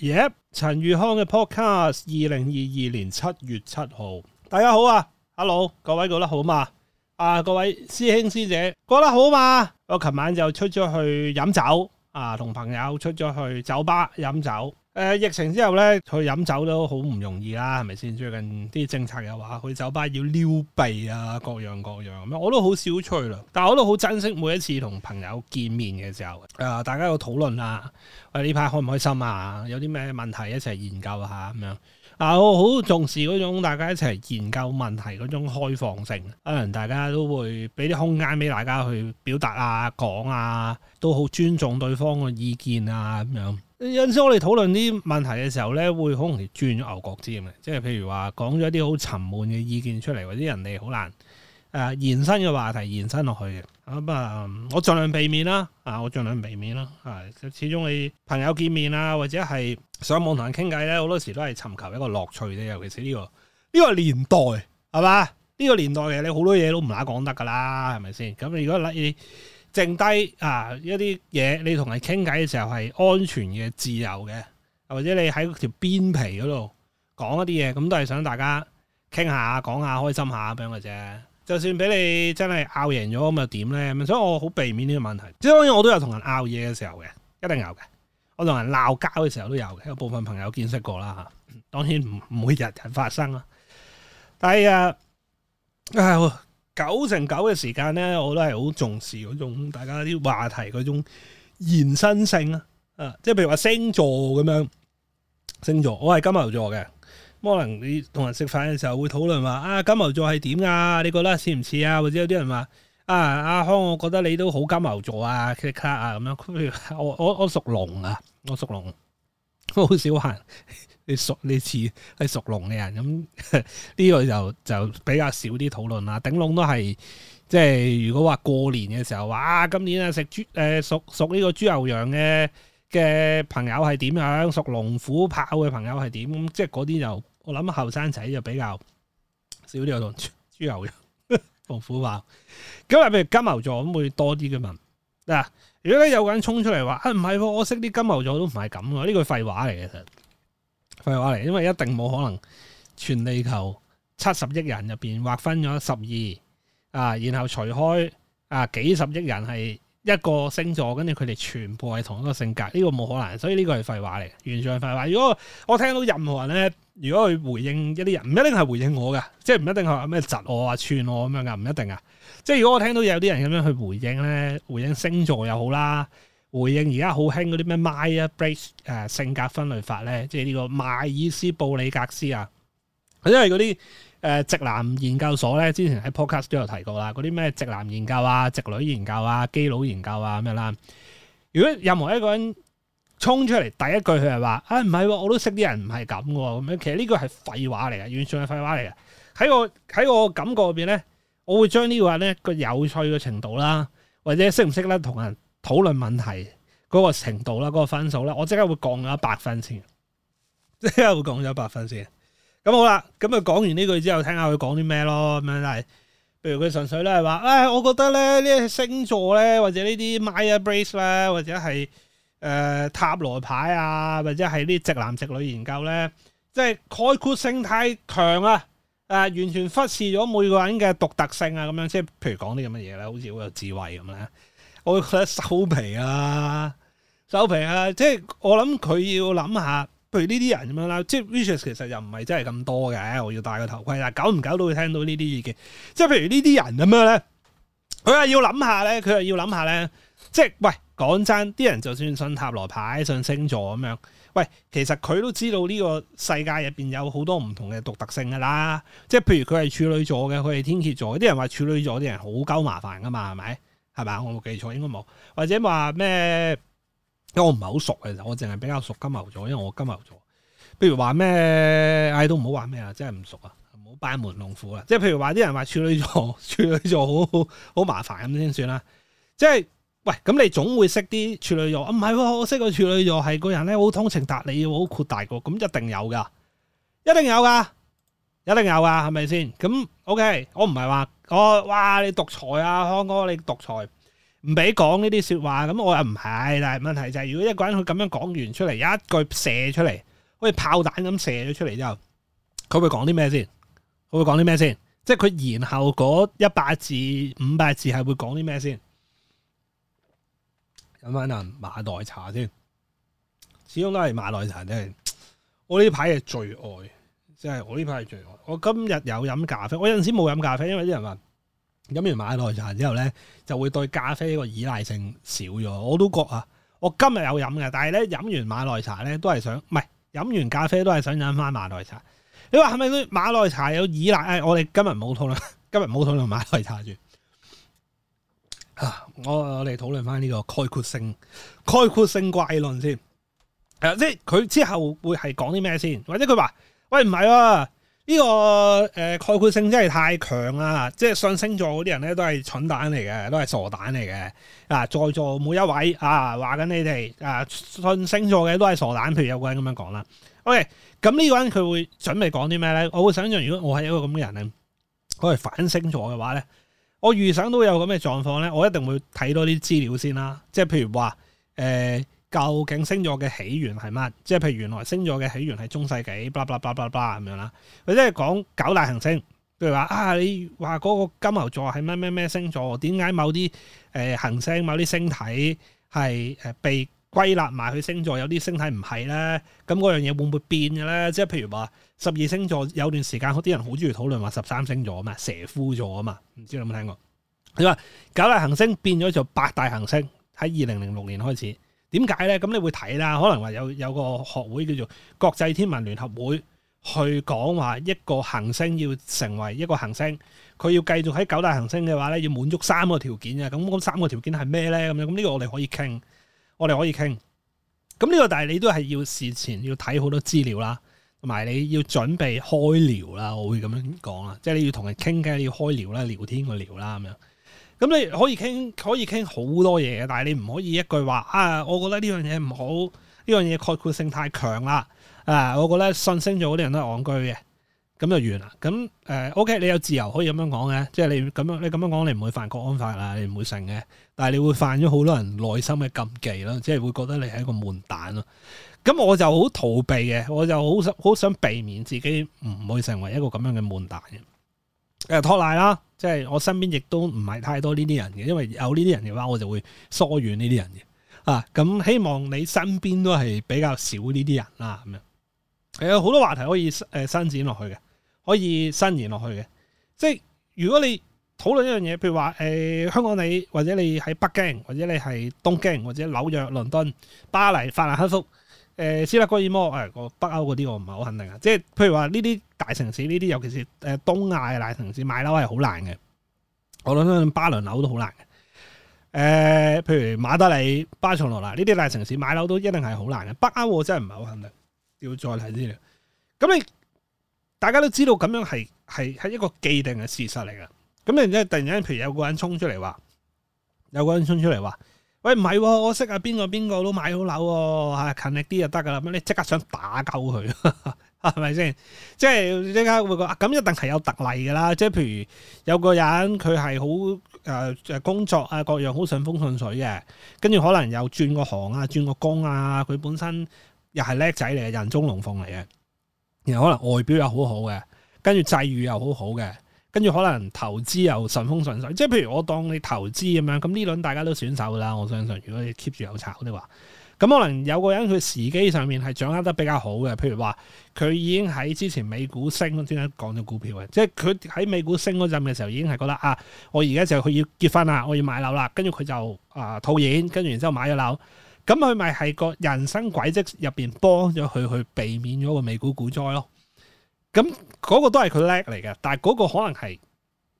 耶！陳宇康嘅 podcast，二零二二年七月七號。大家好啊，Hello，各位過得好嘛？啊，各位師兄師姐過得好嘛？我琴晚就出咗去飲酒啊，同朋友出咗去酒吧飲酒。疫情之後呢，去飲酒都好唔容易啦，係咪先？最近啲政策又話去酒吧要撩鼻啊，各樣各樣咁樣，我都好少吹啦。但我都好珍惜每一次同朋友見面嘅時候，誒、呃，大家有討論啦，喂、哎，呢排開唔開心啊？有啲咩問題一齊研究下咁樣。啊，我好重視嗰種大家一齊研究問題嗰種開放性，可能大家都會俾啲空間俾大家去表達啊、講啊，都好尊重對方嘅意見啊，咁樣。有陣時我哋討論啲問題嘅時候咧，會好容易轉咗牛角尖嘅，即係譬如話講咗一啲好沉悶嘅意見出嚟，或者人哋好難誒、呃、延伸嘅話題延伸落去嘅。咁、嗯、啊，我盡量避免啦，啊，我盡量避免啦。係、啊，始終你朋友見面啊，或者係上網同人傾偈咧，好多時都係尋求一個樂趣啫，尤其是呢個呢個年代，係嘛？呢個年代嘅你好多嘢都唔拉講得噶啦，係咪先？咁如果你，剩低啊一啲嘢，你同人傾偈嘅時候係安全嘅、自由嘅，或者你喺條邊皮嗰度講一啲嘢，咁都係想大家傾下、講下、開心下咁樣嘅啫。就算俾你真係拗贏咗，咁又點咧？咁所以我好避免呢個問題。即係當然我都有同人拗嘢嘅時候嘅，一定有嘅。我同人鬧交嘅時候都有嘅，有部分朋友見識過啦嚇。當然唔唔會日日發生咯。但係啊九成九嘅時間咧，我都係好重視嗰種大家啲話題嗰種延伸性啊，啊，即係譬如話星座咁樣，星座我係金牛座嘅，可能你同人食飯嘅時候會討論話啊金牛座係點啊？你覺得似唔似啊？或者有啲人話啊阿康，我覺得你都好金牛座啊，卡啊咁樣。我我我屬龍啊，我屬龍，我好少閒。你屬呢次係屬龍嘅人，咁呢個就就比較少啲討論啦。頂龍都係即係，如果話過年嘅時候，哇，今年啊食豬誒，屬屬呢個豬牛羊嘅嘅朋友係點樣？屬龍虎豹嘅朋友係點？咁即係嗰啲就，就我諗後生仔就比較少啲同豬牛羊、龍虎豹。咁譬如金牛座咁會多啲嘅問嗱、啊，如果咧有個人衝出嚟話啊唔係、啊，我識啲金牛座都唔係咁嘅，呢句廢話嚟嘅實。廢話嚟，因為一定冇可能，全地球七十億人入邊劃分咗十二啊，然後除開啊幾十億人係一個星座，跟住佢哋全部係同一個性格，呢個冇可能，所以呢個係廢話嚟，完全係廢話。如果我聽到任何人咧，如果佢回應一啲人，唔一定係回應我嘅，即係唔一定係咩窒我啊、串我咁樣噶，唔一定啊。即係如果我聽到有啲人咁樣去回應咧，回應星座又好啦。回應而家好興嗰啲咩 My 啊 Brace 誒、呃、性格分類法咧，即係呢個邁爾斯布里格斯啊，因為嗰啲誒直男研究所咧，之前喺 Podcast 都有提過啦，嗰啲咩直男研究啊、直女研究啊、基佬研究啊咁樣啦。如果任何一個人衝出嚟第一句佢係話啊唔係，我都識啲人唔係咁嘅咁樣，其實呢句係廢話嚟嘅，完全係廢話嚟嘅。喺我喺我感覺入邊咧，我會將呢個話咧個有趣嘅程度啦，或者識唔識咧同人討論問題嗰個程度啦，嗰個分數啦，我即刻會降咗一百分先，即刻會降咗一百分先。咁好啦，咁啊講完呢句之後，聽下佢講啲咩咯咁樣。譬如佢純粹咧係話，唉、哎，我覺得咧呢啲星座咧，或者呢啲 Myers-Briggs 咧，或者係誒塔羅牌啊，或者係呢啲直男直女研究咧，即係概括性太強啊，啊、呃、完全忽視咗每個人嘅獨特性啊，咁樣即係，譬如講啲咁嘅嘢咧，好似好有智慧咁咧。我會覺得收皮啊，收皮啊！即係我諗佢要諗下，譬如呢啲人咁樣啦，即係 research 其實又唔係真係咁多嘅。我要戴個頭盔，但係久唔久都會聽到呢啲意見。即係譬如呢啲人咁樣咧，佢啊要諗下咧，佢啊要諗下咧。即係喂，講真，啲人就算信塔羅牌、信星座咁樣，喂，其實佢都知道呢個世界入邊有好多唔同嘅獨特性噶啦。即係譬如佢係處女座嘅，佢係天蠍座，啲人話處女座啲人好鳩麻煩噶嘛，係咪？係嘛？我冇記錯，應該冇，或者話咩？因為我唔係好熟嘅，我淨係比較熟金牛座，因為我金牛座。如哎、譬如話咩，唉，都唔好話咩啊，真係唔熟啊，唔好班門弄斧啦。即係譬如話啲人話處女座，處女座好好好麻煩咁先算啦。即係喂，咁你總會識啲處女座啊？唔係、啊，我識個處女座係個人咧，好通情達理，好闊大個，咁一定有噶，一定有噶。一定有啊，係咪先？咁 OK，我唔係話我哇你獨裁啊，康哥你獨裁，唔俾講呢啲說話。咁我又唔係，但係問題就係如果一個人佢咁樣講完出嚟，有一句射出嚟，好似炮彈咁射咗出嚟之後，佢會講啲咩先？佢會講啲咩先？即係佢然後嗰一百字、五百字係會講啲咩先？咁可能馬代茶先，始終都係馬代茶真係我呢排嘅最愛。即係我呢排最住，我今日有飲咖啡，我有陣時冇飲咖啡，因為啲人話飲完馬來茶之後咧，就會對咖啡個依賴性少咗。我都覺啊，我今日有飲嘅，但係咧飲完馬來茶咧，都係想唔係飲完咖啡都係想飲翻馬來茶。你話係咪都馬來茶有依賴？誒、哎，我哋今日冇討論，今日冇討論馬來茶住啊！我我哋討論翻呢個概括性概括性怪論先，誒、呃，即係佢之後會係講啲咩先，或者佢話？喂，唔係喎，呢、這個誒、呃、概括性真係太強啦！即係信星座嗰啲人咧，都係蠢蛋嚟嘅，都係傻蛋嚟嘅啊！在座每一位啊，話緊你哋誒、啊、信星座嘅都係傻蛋，譬如有個人咁樣講啦。OK，咁呢個人佢會準備講啲咩咧？我會想象如果我係一個咁嘅人咧，我係反星座嘅話咧，我預想都有咁嘅狀況咧，我一定會睇多啲資料先啦。即係譬如話誒、呃究竟星座嘅起源係乜？即係譬如原來星座嘅起源係中世紀 blah blah blah blah blah 咁樣啦。佢即係講九大行星，譬如話啊，你話嗰個金牛座係咩咩咩星座？點解某啲誒、呃、行星、某啲星體係誒被歸納埋去星座？有啲星體唔係咧，咁嗰樣嘢會唔會變嘅咧？即係譬如話十二星座有段時間，好啲人好中意討論話十三星座啊嘛，蛇夫座啊嘛，唔知你有冇聽過？佢話九大行星變咗做八大行星，喺二零零六年開始。點解咧？咁你會睇啦，可能話有有個學會叫做國際天文聯合會，去講話一個行星要成為一個行星，佢要繼續喺九大行星嘅話咧，要滿足三個條件嘅。咁三個條件係咩咧？咁樣咁呢個我哋可以傾，我哋可以傾。咁呢個但係你都係要事前要睇好多資料啦，同埋你要準備開聊啦。我會咁樣講啦，即係你要同佢傾偈，你要開聊啦，聊天去聊啦咁樣。咁你可以傾可以傾好多嘢嘅，但係你唔可以一句話啊！我覺得呢樣嘢唔好，呢樣嘢概括性太強啦。啊，我覺得信升咗好啲人都係戇居嘅，咁就完啦。咁誒、啊、OK，你有自由可以咁樣講嘅。即係你咁樣你咁樣講，你唔會犯國安法啊，你唔會成嘅。但係你會犯咗好多人內心嘅禁忌咯，即係會覺得你係一個悶蛋咯。咁我就好逃避嘅，我就好想好想避免自己唔會成為一個咁樣嘅悶蛋嘅，誒、啊、拖賴啦。即係我身邊亦都唔係太多呢啲人嘅，因為有呢啲人嘅話，我就會疏遠呢啲人嘅。啊，咁、嗯、希望你身邊都係比較少呢啲人啦。咁樣係有好多話題可以誒伸展落去嘅，可以伸延落去嘅。即係如果你討論一樣嘢，譬如話誒、呃、香港你，或者你喺北京，或者你喺東京，或者紐約、倫敦、巴黎、法蘭克福。誒，斯德哥爾摩誒，個、哎、北歐嗰啲我唔係好肯定啊！即係譬如話呢啲大城市呢啲，尤其是誒東亞嘅大城市買樓係好難嘅。我諗諗巴倫樓都好難嘅。誒、呃，譬如馬德里、巴塞羅那呢啲大城市買樓都一定係好難嘅。北歐我真係唔係好肯定，要再睇資料。咁你大家都知道咁樣係係係一個既定嘅事實嚟嘅。咁然之後突然間，譬如有個人衝出嚟話，有個人衝出嚟話。喂，唔係喎，我識啊，邊個邊個都買好樓喎，哦，係勤力啲就得噶啦。咁你即刻想打鳩佢，係咪先？即係即刻會覺咁、啊、一定係有特例噶啦。即係譬如有個人佢係好誒工作啊各樣好順風順水嘅，跟住可能又轉個行啊轉個工啊，佢本身又係叻仔嚟嘅，人中龍鳳嚟嘅，然後可能外表又好好嘅，跟住際遇又好好嘅。跟住可能投資又順風順水，即係譬如我當你投資咁樣，咁呢輪大家都選手啦。我相信，如果你 keep 住有炒的話，咁可能有個人佢時機上面係掌握得比較好嘅，譬如話佢已經喺之前美股升，點解講咗股票嘅？即係佢喺美股升嗰陣嘅時候已經係覺得啊，我而家就去要結婚啦，我要買樓啦。跟住佢就啊套現，跟住然之後買咗樓，咁佢咪係個人生軌跡入邊幫咗佢去避免咗個美股股災咯。咁、嗯。嗰個都係佢叻嚟嘅，但係嗰個可能係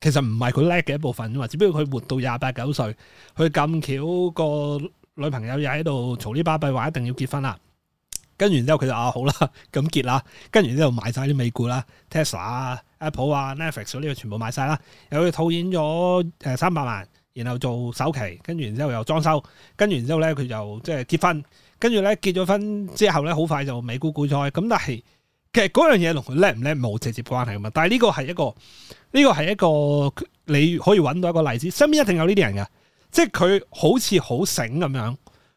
其實唔係佢叻嘅一部分啊嘛，只不過佢活到廿八九歲，佢咁巧個女朋友又喺度嘈呢巴閉，話一定要結婚啦。跟住之後佢就啊好啦，咁結啦。跟住之後買晒啲美股啦，Tesla 啊、Apple 啊、Netflix 呢個全部買晒啦。又去套現咗誒三百萬，然後做首期，跟住然之後又裝修，跟住之後咧佢就即係結婚，跟住咧結咗婚之後咧好快就美股股災，咁但係。其實嗰樣嘢，同佢叻唔叻冇直接關係啊嘛，但係呢個係一個呢個係一個你可以揾到一個例子，身邊一定有呢啲人㗎，即係佢好似好醒咁樣，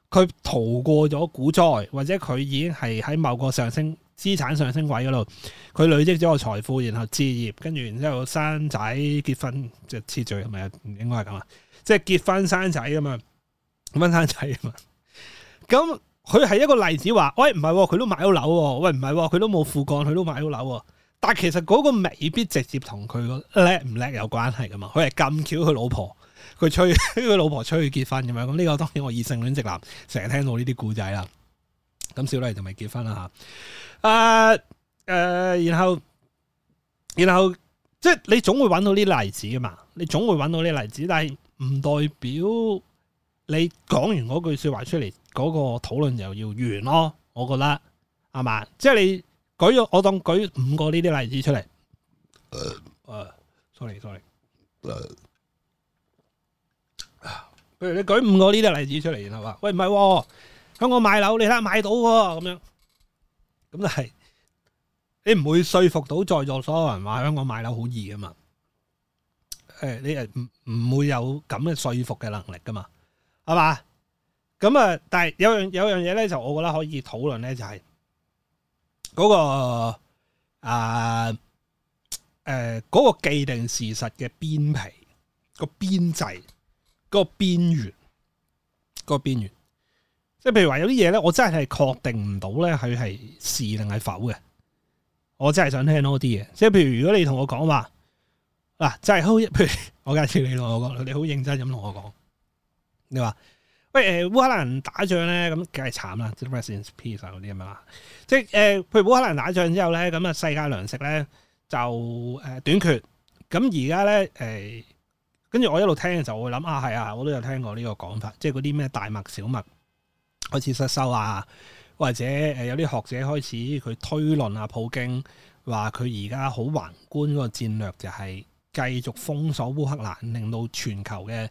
佢逃過咗股災，或者佢已經係喺某個上升資產上升位嗰度，佢累積咗個財富，然後置業，跟住然之後生仔結婚，即係次序係咪啊？應該係咁啊，即係結婚生仔啊嘛，乜生仔啊嘛，咁。 佢係一個例子，話喂唔係，佢、哦、都買咗樓、喎。喂唔係，佢、哦、都冇父幹，佢都買咗樓、喎。但係其實嗰個未必直接同佢個叻唔叻有關係噶嘛。佢係咁巧，佢老婆佢催佢老婆催佢結婚咁樣。咁呢個當然我異性戀直男成日聽到呢啲故仔啦。咁小女就咪結婚啦吓。誒、呃、誒、呃，然後然後即係你總會揾到啲例子噶嘛？你總會揾到啲例子，但係唔代表你講完嗰句說話出嚟。嗰個討論又要完咯，我覺得係嘛？即係你舉咗我當舉五個呢啲例子出嚟。誒誒，sorry sorry，誒，譬如你舉五個呢啲例子出嚟，然後話：喂唔係喎，香港買樓你睇下買到喎咁樣。咁就係你唔會說服到在座所有人話香港買樓好易噶嘛？誒，你係唔唔會有咁嘅說服嘅能力噶嘛？係嘛？咁啊、嗯！但係有樣有樣嘢咧，就我覺得可以討論咧，就係、是、嗰、嗰個啊誒，呃呃嗰個既定事實嘅邊皮、邊際嗰個邊際、嗰個邊緣、個邊緣，即係譬如話有啲嘢咧，我真係係確定唔到咧佢係是定係否嘅。我真係想聽多啲嘢，即係譬如如果你同我講話嗱，真係好，譬如我介紹你同我講，你好認真咁同我講，你話。 喂，誒、呃，烏克蘭打仗咧，咁梗係慘啦，total sense peace 嗰啲咁啊，即係誒、呃，譬如烏克蘭打仗之後咧，咁啊，世界糧食咧就誒、呃、短缺，咁而家咧誒，跟、呃、住我一路聽嘅時候，我會諗啊，係啊，我都有聽過呢個講法，即係嗰啲咩大麥、小麥開始失收啊，或者誒有啲學者開始佢推論啊，普京話佢而家好宏觀嗰個戰略就係繼續封鎖烏克蘭，令到全球嘅誒誒。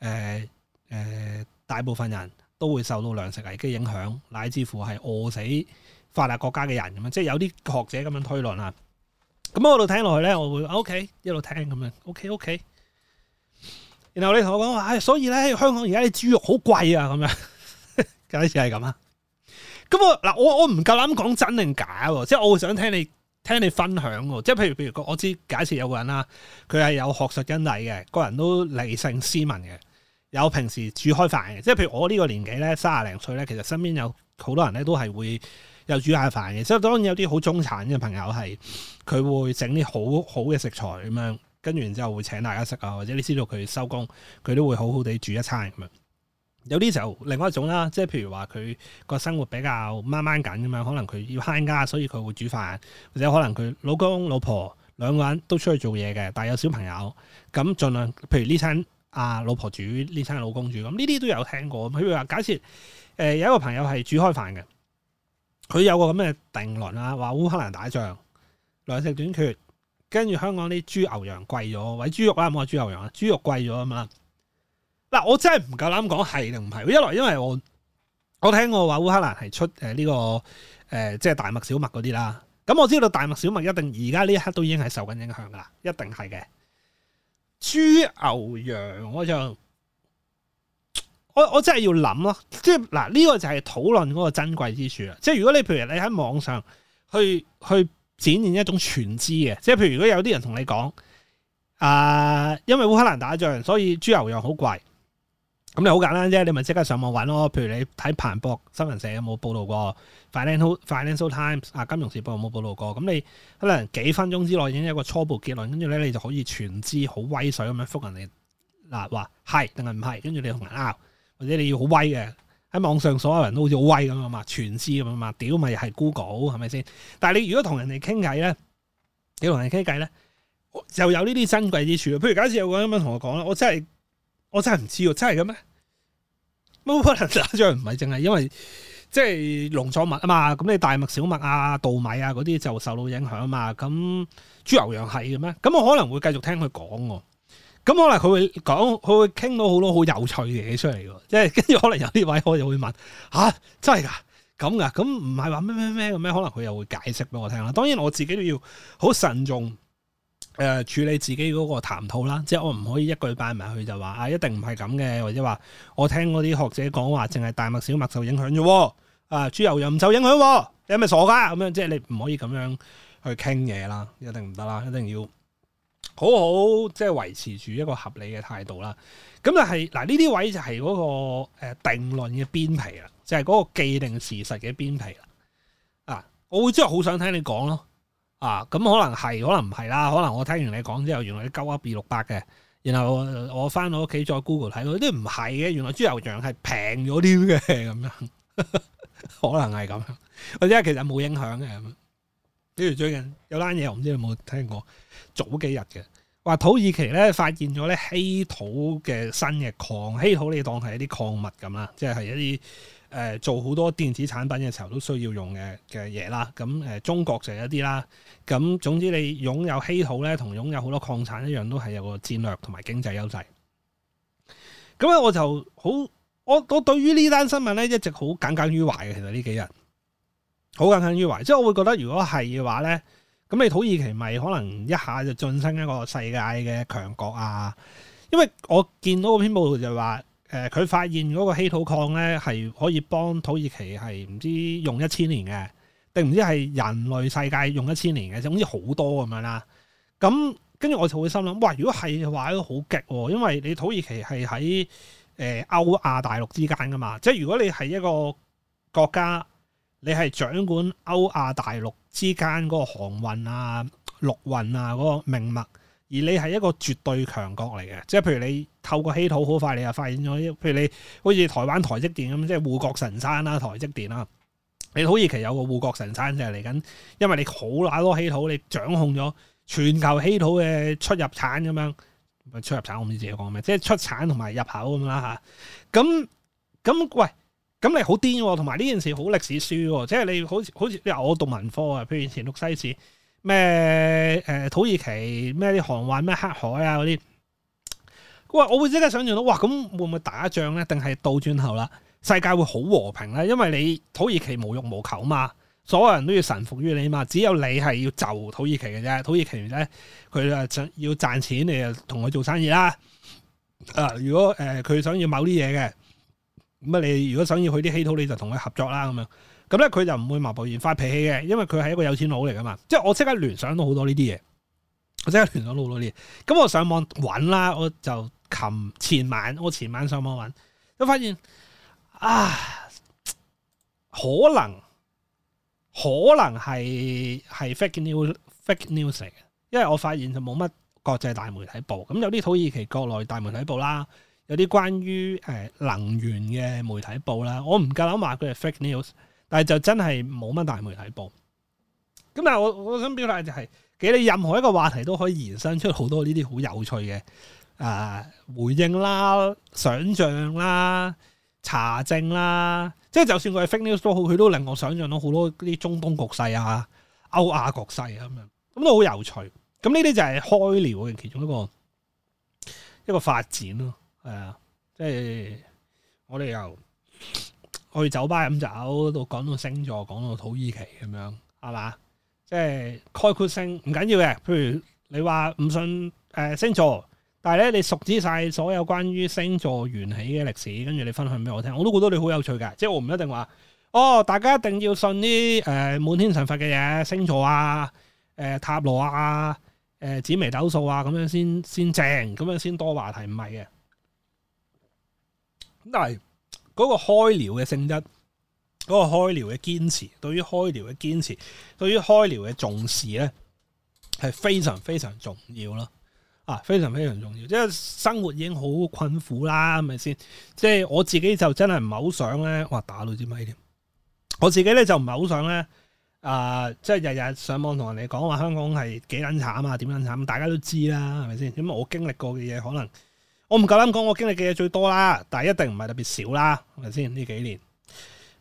呃呃呃大部分人都會受到糧食危機影響，乃至乎係餓死發達國家嘅人咁樣，即係有啲學者咁樣推論啦。咁我度聽落去咧，我會 OK 一路聽咁樣，OK OK。然後你同我講話，哎，所以咧香港而家啲豬肉好貴啊，咁樣，假設係咁啊。咁我嗱，我我唔夠膽講真定假喎，即係我會想聽你聽你分享喎。即係譬如譬如，我知假設有個人啦，佢係有學術根蒂嘅，個人都理性斯文嘅。有平時煮開飯嘅，即係譬如我呢個年紀咧，三廿零歲咧，其實身邊有好多人咧都係會有煮下飯嘅，即係當然有啲好中產嘅朋友係佢會整啲好好嘅食材咁樣，跟住然之後會請大家食啊，或者你知道佢收工，佢都會好好地煮一餐咁樣。有啲就另外一種啦，即係譬如話佢個生活比較掹掹緊咁樣，可能佢要慳家，所以佢會煮飯，或者可能佢老公老婆兩個人都出去做嘢嘅，但係有小朋友，咁儘量譬如呢餐。啊！老婆煮呢餐，老公煮咁呢啲都有聽過。譬如話假設，誒、呃、有一個朋友係煮開飯嘅，佢有個咁嘅定論啊，話烏克蘭打仗糧食短缺，跟住香港啲豬牛羊貴咗，喂豬肉啦，唔好話豬牛羊啦，豬肉貴咗啊嘛。嗱，我真係唔夠膽講係定唔係，一來因為我我聽過話烏克蘭係出誒、這、呢個誒即係大麥小麥嗰啲啦，咁我知道大麥小麥一定而家呢一刻都已經係受緊影響噶啦，一定係嘅。豬牛羊我就，我我真係要諗咯，即係嗱呢個就係討論嗰個珍貴之處啦。即係如果你譬如你喺網上去去展現一種全知嘅，即係譬如如果有啲人同你講，啊、呃、因為烏克蘭打仗，所以豬牛羊好貴。咁你好簡單啫，你咪即刻上網揾咯。譬如你睇彭博新聞社有冇報道過 Financial Financial Times 啊金融時報有冇報道過？咁你可能幾分鐘之內已經有個初步結論，跟住咧你就可以全知好威水咁樣覆人哋嗱話係定係唔係？跟住你同人拗，或者你要好威嘅喺網上所有人都好似好威咁啊嘛，全知咁啊嘛，屌咪又係 Google 係咪先？但係你如果同人哋傾偈咧，你同人傾偈咧，就有呢啲珍貴之處。譬如假設有個人咁樣同我講啦，我真係。我真係唔知喎，真係咁咩？冇可能，打仗，唔係淨係因為即係農作物啊嘛，咁你大麥、小麥啊、稻米啊嗰啲就受到影響啊嘛，咁豬牛羊係嘅咩？咁我可能會繼續聽佢講，咁可能佢會講，佢會傾到好多好有趣嘅嘢出嚟嘅，即係跟住可能有啲位我又會問，吓、啊、真係噶咁噶？咁唔係話咩咩咩嘅咩？可能佢又會解釋俾我聽啦。當然我自己都要好慎重。誒、呃、處理自己嗰個談吐啦，即係我唔可以一句擺埋去就話啊，一定唔係咁嘅，或者話我聽嗰啲學者講話，淨係大麥小麥受影響咋喎，啊豬牛羊又唔受影響，你係咪傻噶？咁樣即係你唔可以咁樣去傾嘢啦，一定唔得啦，一定要好好即係維持住一個合理嘅態度啦。咁就係嗱呢啲位就係嗰個定論嘅邊皮啦，就係、是、嗰個既定事實嘅邊皮啦。啊，我會真係好想聽你講咯。啊，咁可能係，可能唔係啦。可能我聽完你講之後，原來勾下 B 六百嘅，然後我翻到屋企再 Google 睇，有啲唔係嘅。原來豬牛羊係平咗啲嘅，咁樣可能係咁樣，或者其實冇影響嘅。咁啊，比如最近有單嘢，我唔知你有冇聽過，早幾日嘅，話土耳其咧發現咗咧稀土嘅新嘅礦，稀土你當係一啲礦物咁啦，即係一啲。誒做好多電子產品嘅時候都需要用嘅嘅嘢啦，咁誒中國就一啲啦，咁總之你擁有稀土咧，同擁有好多礦產一樣，都係有個戰略同埋經濟優勢。咁啊，我就好，我我對於呢單新聞咧一直好耿耿於懷嘅，其實呢幾日好耿耿於懷，即係我會覺得如果係嘅話咧，咁你土耳其咪可能一下就晉升一個世界嘅強國啊？因為我見到個篇報道就係話。誒佢、呃、發現嗰個稀土礦咧係可以幫土耳其係唔知用一千年嘅，定唔知係人類世界用一千年嘅，總之好多咁樣啦。咁跟住我就會心諗，哇！如果係嘅話都好極，因為你土耳其係喺誒歐亞大陸之間㗎嘛，即係如果你係一個國家，你係掌管歐亞大陸之間嗰個航運啊、陸運啊嗰、嗰個命脈。而你係一個絕對強國嚟嘅，即係譬如你透過稀土好快，你就發現咗。譬如你好似台灣台積電咁，即係護國神山啦，台積電啦。你土耳其有個護國神山就係嚟緊，因為你好乸多稀土，你掌控咗全球稀土嘅出入產咁樣。出入產我唔知自己講咩，即係出產同埋入口咁啦吓咁咁喂，咁你好癲喎，同埋呢件事好歷史書喎，即係你好似，好似啊，我讀文科啊，譬如以前讀西史。咩？誒，土耳其咩啲航運咩黑海啊嗰啲，哇！我會即刻想象到，哇！咁會唔會打仗咧？定係倒轉頭啦，世界會好和平咧？因為你土耳其無欲無求嘛，所有人都要臣服於你嘛，只有你係要就土耳其嘅啫。土耳其咧，佢啊想要賺錢，你就同佢做生意啦。啊，如果誒佢、呃、想要某啲嘢嘅，咁啊你如果想要佢啲稀土，你就同佢合作啦咁樣。咁咧佢就唔會貿貿然發脾氣嘅，因為佢係一個有錢佬嚟噶嘛。即係我即刻聯想到好多呢啲嘢，我即刻聯想到好多啲。咁我上網揾啦，我就琴前,前晚，我前晚上網揾，我發現啊，可能可能係係 fake news，fake news 嚟嘅。因為我發現就冇乜國際大媒體報，咁有啲土耳其國內大媒體報啦，有啲關於誒能源嘅媒體報啦，我唔夠膽話佢係 fake news。但係就真係冇乜大媒體報，咁但係我我想表達就係其實你任何一個話題都可以延伸出好多呢啲好有趣嘅誒、呃、回應啦、想象啦、查證啦，即係就算我係 fake news 都好，佢都令我想象到好多啲中東局勢啊、歐亞局勢啊咁樣，咁都好有趣。咁呢啲就係開聊嘅其中一個一個發展咯，係啊，呃、即係我哋又。去酒吧飲酒度講到星座，講到土耳其咁樣，係嘛？即係概括性唔緊要嘅。譬如你話唔信誒、呃、星座，但係咧你熟知晒所有關於星座源起嘅歷史，跟住你分享俾我聽，我都覺得你好有趣㗎。即係我唔一定話哦，大家一定要信啲誒、呃、滿天神佛嘅嘢、星座啊、誒、呃、塔羅啊、誒、呃、紫微斗數啊咁樣先先正，咁樣先多話題，唔係嘅。咁但係。嗰個開聊嘅性質，嗰、那個開聊嘅堅持，對於開聊嘅堅持，對於開聊嘅重視咧，係非常非常重要咯。啊，非常非常重要，即係生活已經好困苦啦，係咪先？即係我自己就真係唔係好想咧話打到支咪添。我自己咧就唔係好想咧，啊、呃，即係日日上網同人哋講話香港係幾撚慘啊，點撚慘、啊、大家都知啦，係咪先？咁我經歷過嘅嘢可能。我唔夠膽講我經歷嘅嘢最多啦，但係一定唔係特別少啦，係咪先？呢幾年，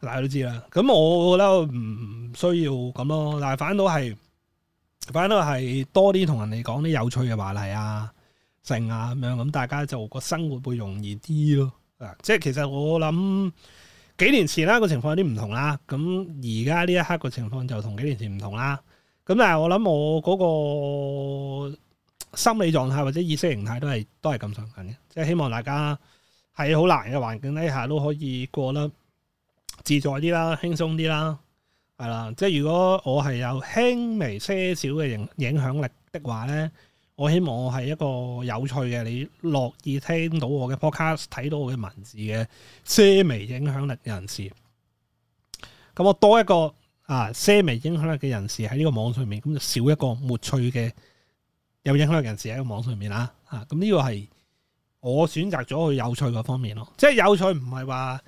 大家都知啦。咁我覺得唔需要咁咯，但係反到係，反到係多啲同人哋講啲有趣嘅話題啊、性啊咁樣，咁大家就個生活會容易啲咯。啊，即係其實我諗幾年前啦個情況有啲唔同啦，咁而家呢一刻個情況就同幾年前唔同啦。咁但係我諗我嗰、嗰個。心理狀態或者意識形態都係都係咁相近嘅，即係希望大家喺好難嘅環境底下都可以過得自在啲啦，輕鬆啲啦，係啦。即係如果我係有輕微些少嘅影影響力的話咧，我希望我係一個有趣嘅，你樂意聽到我嘅 podcast、睇到我嘅文字嘅些微影響力嘅人士。咁我多一個啊，些微影響力嘅人士喺呢個網上面，咁就少一個沒趣嘅。有影響人士喺個網上面啦，啊，咁呢個係我選擇咗去有趣嗰方面咯，即係有趣唔係話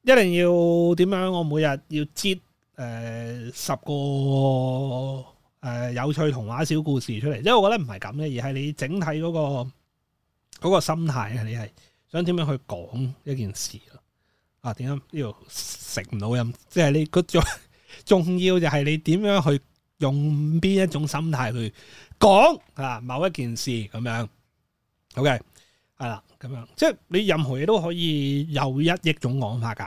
一定要點樣，我每日要接誒、呃、十個誒、呃、有趣童話小故事出嚟，因為我覺得唔係咁嘅，而係你整體嗰個嗰個心態，你係想點樣去講一件事咯？啊，點樣呢個食唔到音，即係你個重重要就係你點樣去用邊一種心態去？講啊，某一件事咁樣，OK，係啦，咁樣，即係你任何嘢都可以有一億種講法噶，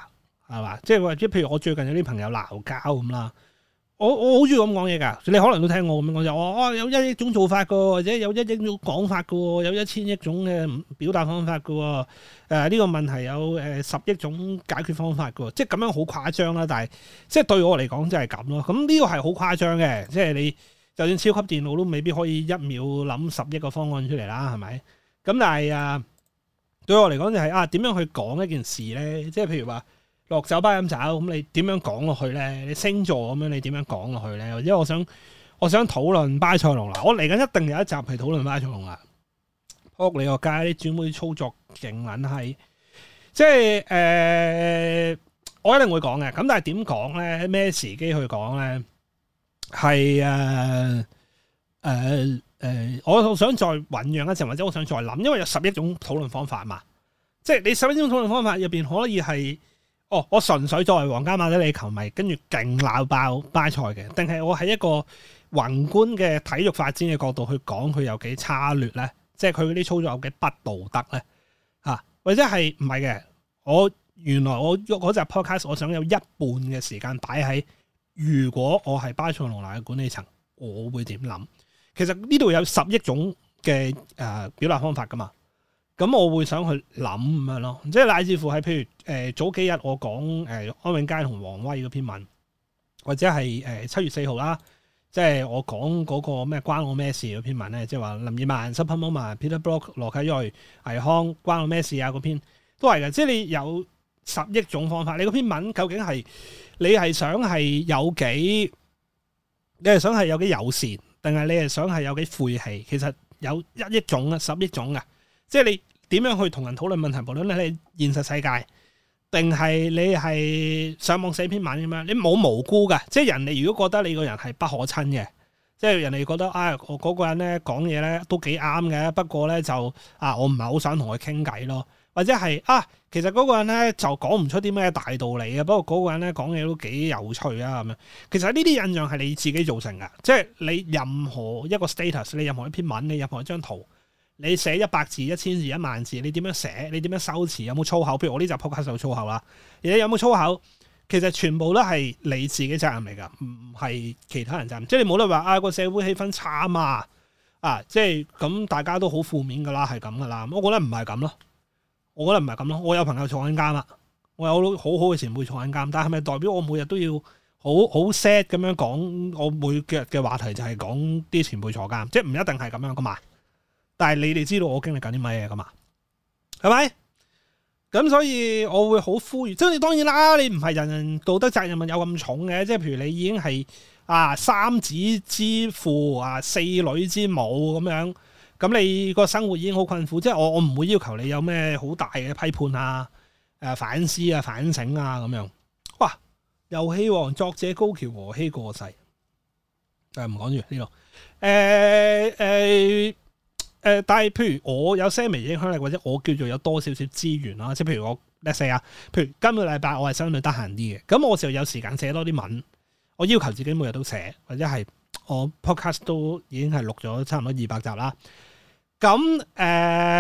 係嘛？即係或者譬如我最近有啲朋友鬧交咁啦，我我好中意咁講嘢噶，你可能都聽我咁樣講就，我、哦、我有一億種做法噶，或者有一億種講法噶，有一千億種嘅表達方法噶，誒、呃、呢、這個問題有誒、呃、十億種解決方法噶，即係咁樣好誇張啦，但係即係對我嚟講就係咁咯，咁呢個係好誇張嘅，即係你。就算超級電腦都未必可以一秒諗十億個方案出嚟啦，係咪？咁但係啊，對我嚟講就係、是、啊，點樣去講一件事咧？即係譬如話落酒吧飲酒，咁你點樣講落去咧？你星座咁樣，你點樣講落去咧？或者我想我想討論巴塞隆拿，我嚟緊一定有一集係討論巴塞隆拿。撲你個街，啲轉會操作勁撚閪，即係誒、呃，我一定會講嘅。咁但係點講咧？咩時機去講咧？係誒誒誒，我想再醞釀一陣，或者我想再諗，因為有十一種討論方法嘛。即係你十一種討論方法入邊，可以係哦，我純粹作為皇家馬德里球迷跟住勁鬧爆巴塞嘅，定係我喺一個宏觀嘅體育發展嘅角度去講佢有幾差劣咧？即係佢嗰啲操作有幾不道德咧？吓、啊，或者係唔係嘅？我原來我喐嗰隻 Podcast，我想有一半嘅時間擺喺。如果我係巴塞隆拿嘅管理層，我會點諗？其實呢度有十億種嘅誒表達方法噶嘛，咁我會想去諗咁樣咯。即係乃至乎喺譬如誒早幾日我講誒安永佳同黃威嗰篇文，或者係誒七月四號啦，即係我講嗰個咩關我咩事嗰篇文咧，即係話林二汶、Supper Moment Peter Block、羅啟銳、倪匡關我咩事啊嗰篇都係嘅。即係你有十億種方法，你嗰篇文究竟係？你係想係有幾？你係想係有幾友善，定係你係想係有幾晦氣？其實有一億種啊，十億種噶。即係你點樣去同人討論問題，無論你係現實世界，定係你係上網寫篇文咁樣，你冇無辜噶。即係人哋如果覺得你個人係不可親嘅，即係人哋覺得、哎那個、啊，我嗰個人咧講嘢咧都幾啱嘅，不過咧就啊，我唔係好想同佢傾偈咯。或者係啊，其實嗰個人咧就講唔出啲咩大道理啊。不過嗰個人咧講嘢都幾有趣啊。咁樣，其實呢啲印象係你自己造成噶。即係你任何一個 status，你任何一篇文，你任何一張圖，你寫一百字、一千字、一萬字，你點樣寫？你點樣修辭？有冇粗口？譬如我呢集撲克手粗口啦。你有冇粗口？其實全部都係你自己責任嚟噶，唔係其他人責任。即係你冇得話啊個社會氣氛差啊嘛啊，即係咁大家都好負面噶啦，係咁噶啦。我覺得唔係咁咯。我覺得唔係咁咯，我有朋友坐緊監啦，我有好好嘅前輩坐緊監，但係咪代表我每日都要好好 sad 咁樣講，我每日嘅話題就係講啲前輩坐監，即係唔一定係咁樣噶嘛。但係你哋知道我經歷緊啲乜嘢噶嘛？係咪？咁所以我會好呼籲，即你當然啦，你唔係人人道德責任有咁重嘅，即係譬如你已經係啊三子之父啊四女之母咁樣。咁你個生活已經好困苦，即係我我唔會要求你有咩好大嘅批判啊、誒反思啊、反省啊咁樣。哇！《遊戲王》作者高橋和希過世，誒唔講住呢度。誒誒誒，但係譬如我有些微影響力，或者我叫做有多少少資源啦，即係譬如我叻四啊。譬如今個禮拜我係相對得閒啲嘅，咁我就有時間寫多啲文，我要求自己每日都寫，或者係我 podcast 都已經係錄咗差唔多二百集啦。咁誒，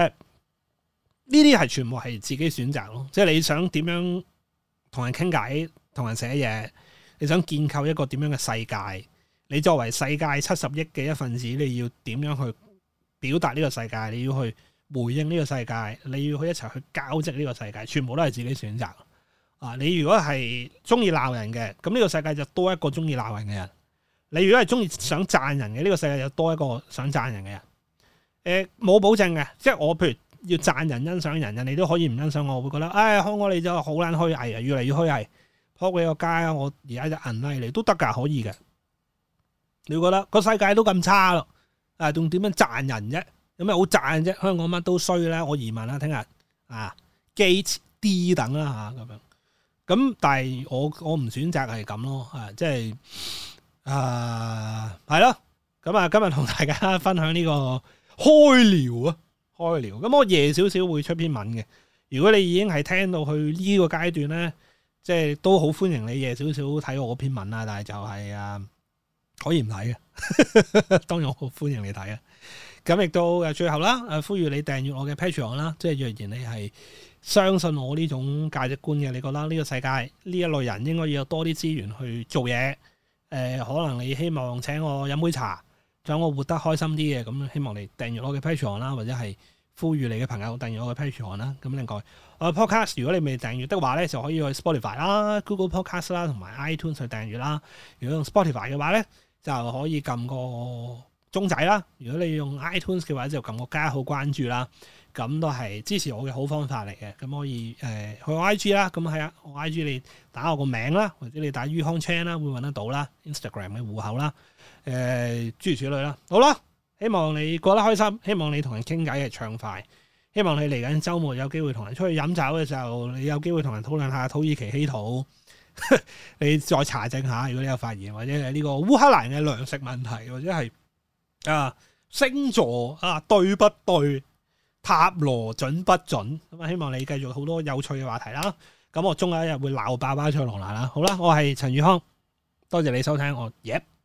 呢啲係全部係自己選擇咯。即係你想點樣同人傾偈，同人寫嘢，你想建構一個點樣嘅世界？你作為世界七十億嘅一份子，你要點樣去表達呢個世界？你要去回應呢個世界？你要去一齊去交織呢個世界？全部都係自己選擇。啊，你如果係中意鬧人嘅，咁呢個世界就多一個中意鬧人嘅人；你如果係中意想讚人嘅，呢個世界就多一個想讚人嘅人。誒，冇保證嘅，即係我譬如要讚人欣賞人，你都可以唔欣賞我，我會覺得，唉、哎，香港你就好撚虛偽啊，越嚟越虛偽，撲你個街啊，我而家就銀拉你都得噶，可以嘅。你會覺得，這個世界都咁差咯，啊，仲點樣讚人啫？有咩好讚啫？香港乜都衰啦，我移民啦，聽日啊 Gate D 等啦吓，咁樣。咁但係我我唔選擇係咁咯，啊，即係啊，係咯。咁啊，就是，啊今日同大家分享呢、這個。開聊啊，開聊。咁我夜少少會出篇文嘅。如果你已經係聽到去呢個階段呢，即係都好歡迎你夜少少睇我篇文啦。但係就係、是、啊、嗯，可以唔睇嘅。 當然我歡迎你睇啊。咁亦都誒，最後啦，誒，呼籲你訂閱我嘅 Patreon 啦。即係若然你係相信我呢種價值觀嘅，你覺得呢個世界呢一類人應該要有多啲資源去做嘢。誒、呃，可能你希望請我飲杯茶。想我活得開心啲嘅，咁希望你訂閲我嘅 Patreon 啦，或者係呼籲你嘅朋友訂閲我嘅 Patreon 啦。咁另外，我 Podcast 如果你未訂閲嘅話咧，就可以去 Spotify 啦、Google Podcast 啦，同埋 iTunes 去訂閲啦。如果用 Spotify 嘅話咧，就可以撳個鐘仔啦；如果你用 iTunes 嘅話，就撳個加號關注啦。咁都係支持我嘅好方法嚟嘅。咁可以誒、呃、去 IG 啦，咁係啊，我 IG 你打我個名啦，或者你打於康 Chan 啦，會揾得到啦。Instagram 嘅戶口啦。誒諸如此類啦，好啦，希望你過得開心，希望你同人傾偈係暢快，希望你嚟緊週末有機會同人出去飲酒嘅時候，你有機會同人討論下土耳其稀土， 你再查證下，如果你有發現，或者係呢個烏克蘭嘅糧食問題，或者係啊星座啊對唔對？塔羅準唔準，咁、嗯、啊希望你繼續好多有趣嘅話題啦。咁我終有一日會鬧爆爸唱龍啦，好啦，我係陳宇康，多謝你收聽我。Yeah.